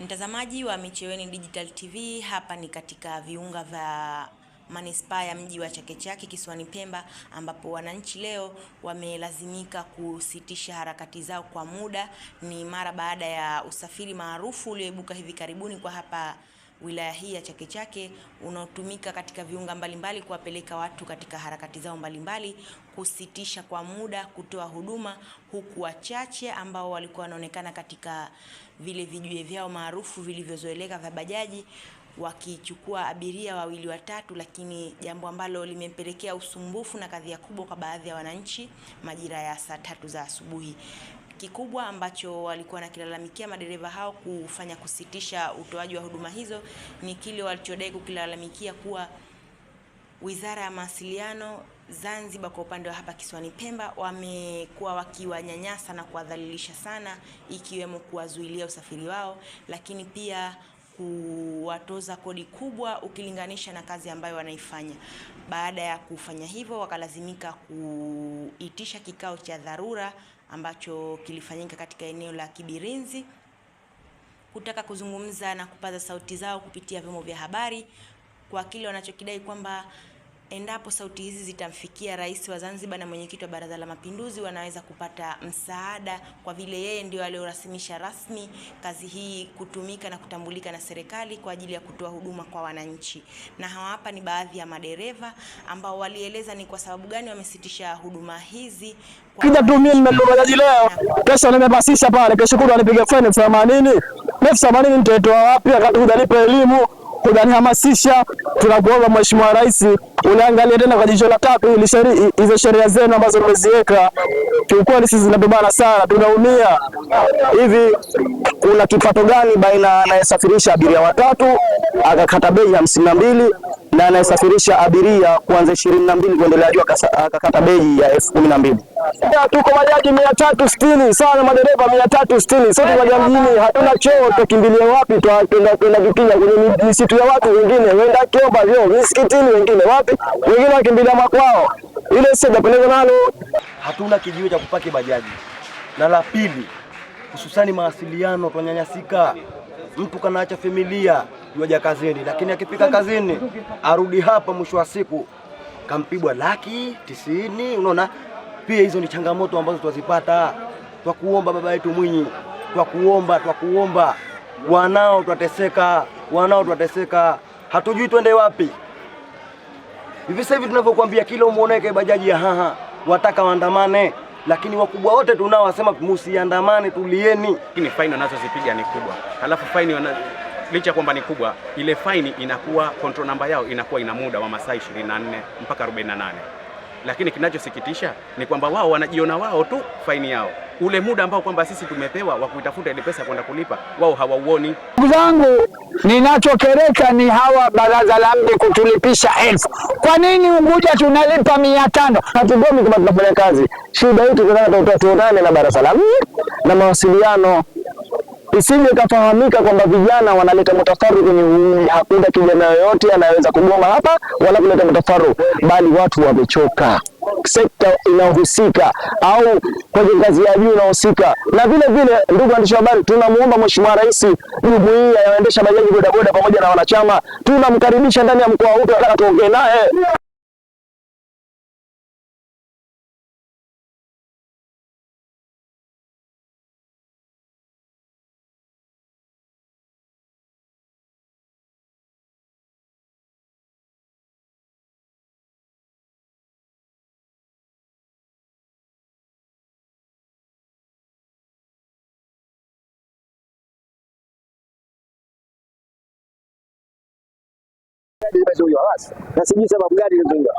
Mtazamaji wa Micheweni Digital TV, hapa ni katika viunga vya manispaa ya mji wa Chake Chake kisiwani Pemba, ambapo wananchi leo wamelazimika kusitisha harakati zao kwa muda. Ni mara baada ya usafiri maarufu ulioibuka hivi karibuni kwa hapa wilaya hii ya Chake Chake unaotumika katika viunga mbalimbali kuwapeleka watu katika harakati zao mbalimbali, kusitisha kwa muda kutoa huduma, huku wachache ambao walikuwa wanaonekana katika vile vijue vyao maarufu vilivyozoeleka vya bajaji wakichukua abiria wawili watatu, lakini jambo ambalo limempelekea usumbufu na kadhia kubwa kwa baadhi ya wananchi majira ya saa tatu za asubuhi. Kikubwa ambacho walikuwa wanakilalamikia madereva hao kufanya kusitisha utoaji wa huduma hizo ni kile walichodai kukilalamikia kuwa Wizara ya Mawasiliano Zanzibar kwa upande wa hapa kisiwani Pemba wamekuwa wakiwanyanyasa na kuwadhalilisha sana, ikiwemo kuwazuilia usafiri wao, lakini pia kuwatoza kodi kubwa ukilinganisha na kazi ambayo wanaifanya. Baada ya kufanya hivyo, wakalazimika kuitisha kikao cha dharura ambacho kilifanyika katika eneo la Kibirinzi kutaka kuzungumza na kupaza sauti zao kupitia vyombo vya habari kwa kile wanachokidai kwamba endapo sauti hizi zitamfikia Rais wa Zanzibar na mwenyekiti wa Baraza la Mapinduzi, wanaweza kupata msaada, kwa vile yeye ndio aliyorasimisha rasmi kazi hii kutumika na kutambulika na serikali kwa ajili ya kutoa huduma kwa wananchi. Na hawa hapa ni baadhi ya madereva ambao walieleza ni kwa sababu gani wamesitisha huduma hizi. Kija tu mimi nimelomaji leo, kesho nimebasisha pale, kesho kutwa nipige faini elfu themanini elfu themanini wapi? akati elimu kunanihamasisha. Tunakuomba Mheshimiwa Rais uliangalia tena kwa jicho la tatu ili hizo sheria zenu ambazo umeziweka kiukweli sisi zinabebana sana, tunaumia. Hivi kuna kipato gani baina anayesafirisha abiria watatu akakata bei hamsini na mbili na anayesafirisha abiria kuanza ishirini na mbili kuendelea juu akakata bei ya elfu kumi na mbili. Tuko majaji mia tatu sitini sawa na madereva mia tatu sitini sote maja mjini, hatuna choo, tukimbilia wapi? Twenda kupiga kwenye misitu ya watu, wengine wenda kiomba vyo misikitini, wengine wapi, wengine wakimbilia makwao. Ile sijapendezwa nalo. Hatuna kijiwe cha kupaki bajaji, na la pili hususani mawasiliano, twanyanyasika mtu kanaacha familia yuaja kazini, lakini akifika kazini arudi hapa, mwisho wa siku kampibwa laki tisini. Unaona, pia hizo ni changamoto ambazo twazipata. Twakuomba baba yetu Mwinyi, twakuomba, twakuomba, wanao twateseka, wanao twateseka, hatujui twende wapi. Hivi sasa hivi tunavyokuambia, kila umwoneke bajaji ya haha wataka waandamane lakini wakubwa wote tunao wasema musiandamane, tulieni. Lakini faini wanazozipiga ni kubwa, halafu faini wana licha kwamba ni kubwa, ile faini inakuwa control namba yao inakuwa ina muda wa masaa 24 mpaka 48, lakini kinachosikitisha ni kwamba wao wanajiona wao tu faini yao ule muda ambao kwamba sisi tumepewa wa kuitafuta ile pesa kwenda kulipa, wao hawauoni. Ndugu zangu, ninachokereka ni hawa baraza la mji kutulipisha elfu. Kwa nini Unguja tunalipa mia tano? Hatugomi kama tunafanya kazi, shida hii tunataka tuonane na baraza la mji na mawasiliano isije ikafahamika kwamba vijana wanaleta mutafaru kwenye uumi. Hakuna kijana yoyote anayeweza kugoma hapa wala kuleta mutafaru bali watu wamechoka sekta inahusika au kwenye ngazi ya juu inahusika. Na vile vile, ndugu waandishi wa habari, tunamuomba Mheshimiwa Rais, jumuiya ya waendesha bajaji bodaboda pamoja na wanachama tunamkaribisha ndani ya mkoa huu, tunataka tuongee naye. gari basi, na sijui sababu gani limezuiwa.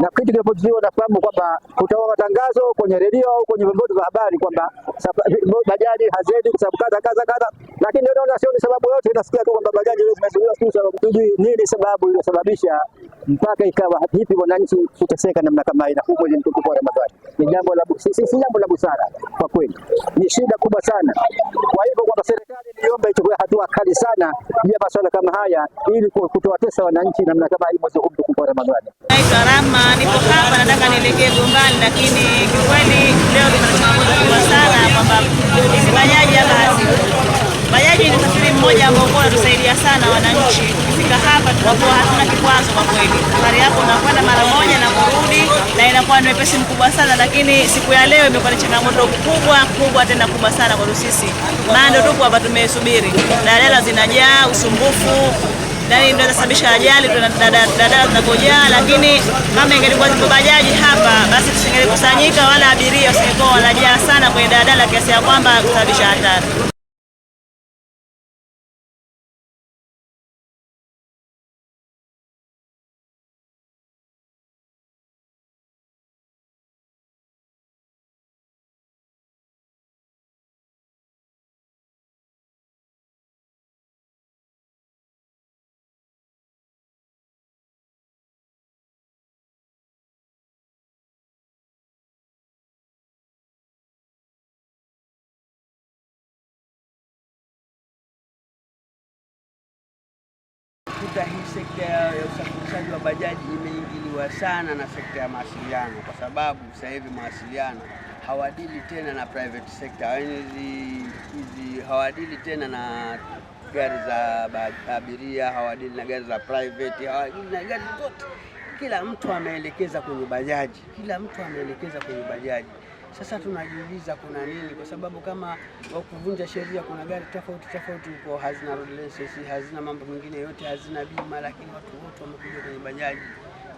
Na kitu kinapozuiwa, nafahamu kwamba kutoa matangazo kwenye redio au kwenye vyombo vya habari kwamba bajaji hazendi kwa sababu kadha kadha kadha lakini naona sio ni sababu yote, nasikia tu kwamba bajaji leo zimezuiwa, si sababu tujui nini sababu iliyosababisha mpaka ikawa hivi wananchi kuteseka namna kama ina huko ile mtukufu wa Ramadhani. Ni jambo la si, si jambo la busara kwa kweli, ni shida kubwa sana. Kwa hivyo kwamba serikali niombe ichukue hatua kali sana juu ya masuala kama haya ili kutowatesa wananchi namna kama hii mwezi huu mtukufu wa Ramadhani. Naitwa Rama, nipo hapa nataka nielekee Gombani, lakini kikweli leo tunasema kwa sana kwamba bajaji basi Bajaji ni usafiri mmoja ambao kwa unatusaidia sana wananchi. Kufika hapa tunakuwa hatuna kikwazo kwa kweli. Safari yako unakwenda mara moja na kurudi na inakuwa ni wepesi mkubwa sana, lakini siku ya leo imekuwa ni changamoto kubwa kubwa tena kubwa sana kwa sisi. Maana tupo hapa tumesubiri. Daladala zinajaa, usumbufu ndani ajali, dadala zinakojaa, lakini kama ingelikuwa zipo bajaji hapa, basi tusingekusanyika wala abiria wasingekuwa wanajaa sana kwenye dadala kiasi ya kwamba kusababisha hatari. unakuta hii sekta ya usafirishaji wa bajaji imeingiliwa sana na sekta ya mawasiliano, kwa sababu sasa hivi mawasiliano hawadili tena na private sector, yaani hizi hawadili tena na gari za abiria, hawadili na gari za private, hawadili na gari zote. Kila mtu ameelekeza kwenye bajaji, kila mtu ameelekeza kwenye bajaji. Sasa tunajiuliza kuna nini, kwa sababu kama wakuvunja sheria, kuna gari tofauti tofauti huko hazina road license, hazina mambo mengine yote, hazina bima, lakini watu wote wamekuja kwenye bajaji.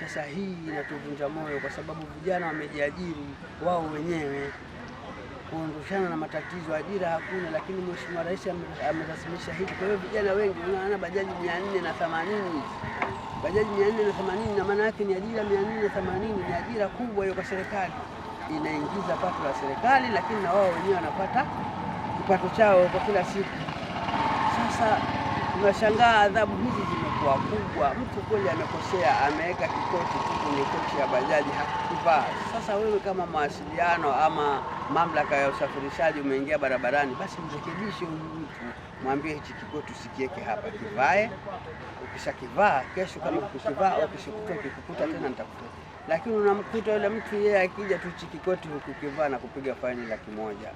Sasa hii inatuvunja moyo, kwa sababu vijana wamejiajiri wao wenyewe kuondoshana na matatizo, ajira hakuna, lakini Mheshimiwa Rais amerasimisha hivi. Kwa hiyo vijana wengi wanaona bajaji mia nne na themanini bajaji mia nne na themanini na maana yake ni ajira mia nne na themanini ni ajira kubwa hiyo kwa serikali inaingiza pato la serikali, lakini na wao wenyewe wanapata kipato chao kwa kila siku. Sasa tunashangaa adhabu hizi zimekuwa kubwa. Mtu kweli anakosea, ameweka kikoti tu kwenye kochi ya bajaji hakukivaa. Sasa wewe kama mawasiliano ama mamlaka ya usafirishaji umeingia barabarani, basi mrekebishe huyu mtu, mwambie hichi kikoti usikieke hapa, kivae. Ukishakivaa kesho, kama kukivaa au kesho kutoke tena nitakutoka lakini unamkuta yule mtu yeye akija tu chikikoti huku kivaa na kupiga faini laki moja.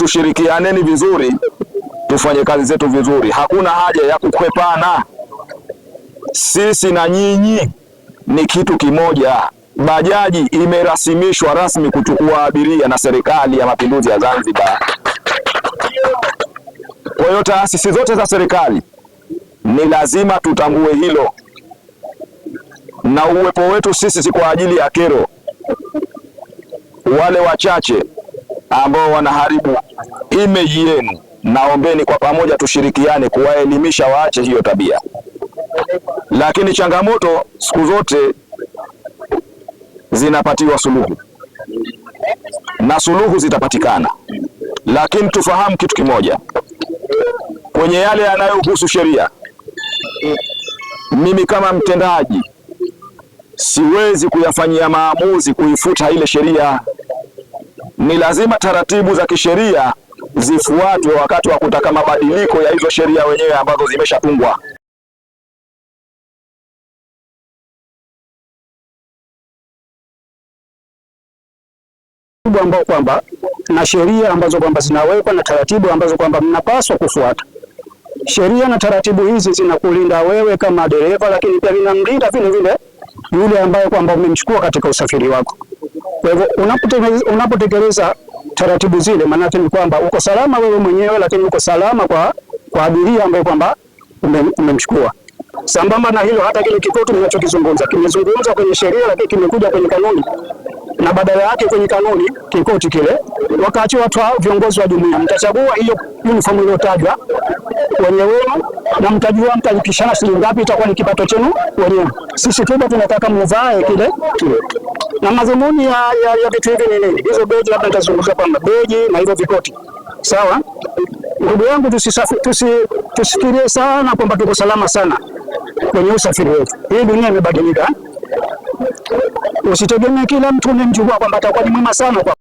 tushirikianeni vizuri, tufanye kazi zetu vizuri. Hakuna haja ya kukwepana, sisi na nyinyi ni kitu kimoja. Bajaji imerasimishwa rasmi kuchukua abiria na Serikali ya Mapinduzi ya Zanzibar. Kwa hiyo taasisi zote za serikali ni lazima tutangue hilo, na uwepo wetu sisi si kwa ajili ya kero, wale wachache ambao wanaharibu imeji yenu, naombeni kwa pamoja tushirikiane kuwaelimisha waache hiyo tabia. Lakini changamoto siku zote zinapatiwa suluhu na suluhu zitapatikana, lakini tufahamu kitu kimoja kwenye yale yanayohusu sheria. Mimi kama mtendaji siwezi kuyafanyia maamuzi kuifuta ile sheria ni lazima taratibu za kisheria zifuatwe wakati wa kutaka mabadiliko ya hizo sheria wenyewe ambazo zimeshatungwa. ambao kwamba na sheria ambazo kwamba zinawekwa na taratibu ambazo kwamba mnapaswa kufuata. Sheria na taratibu hizi zinakulinda wewe kama dereva, lakini pia linamlinda vile vile yule ambaye kwamba umemchukua katika usafiri wako. Kwa hivyo unapotekeleza taratibu zile, maana yake ni kwamba uko salama wewe mwenyewe, lakini uko salama kwa, kwa abiria ambaye kwamba umemchukua. Sambamba na hilo, hata kile kikotu mnachokizungumza kimezungumza kwenye sheria, lakini kimekuja kwenye kanuni na badala yake kwenye kanuni kikoti kile wakaachiwa watu hao viongozi wa jumuiya, mtachagua hiyo uniform iliyotajwa wenye wenu, na mtajua mtalipishana shilingi ngapi, itakuwa ni kipato chenu wenyewe. Sisi Tuba tunataka mvae kile kile na madhumuni ya ya vitu hivi ni nini? Hizo beji labda nitazungumzia kwamba beji na hivyo vikoti. Sawa ndugu yangu, tusifikirie sana kwamba tuko salama sana kwenye usafiri wetu. Hii dunia imebadilika, usitegemee kila mtu unamchukua kwamba atakuwa ni mwema sana kwa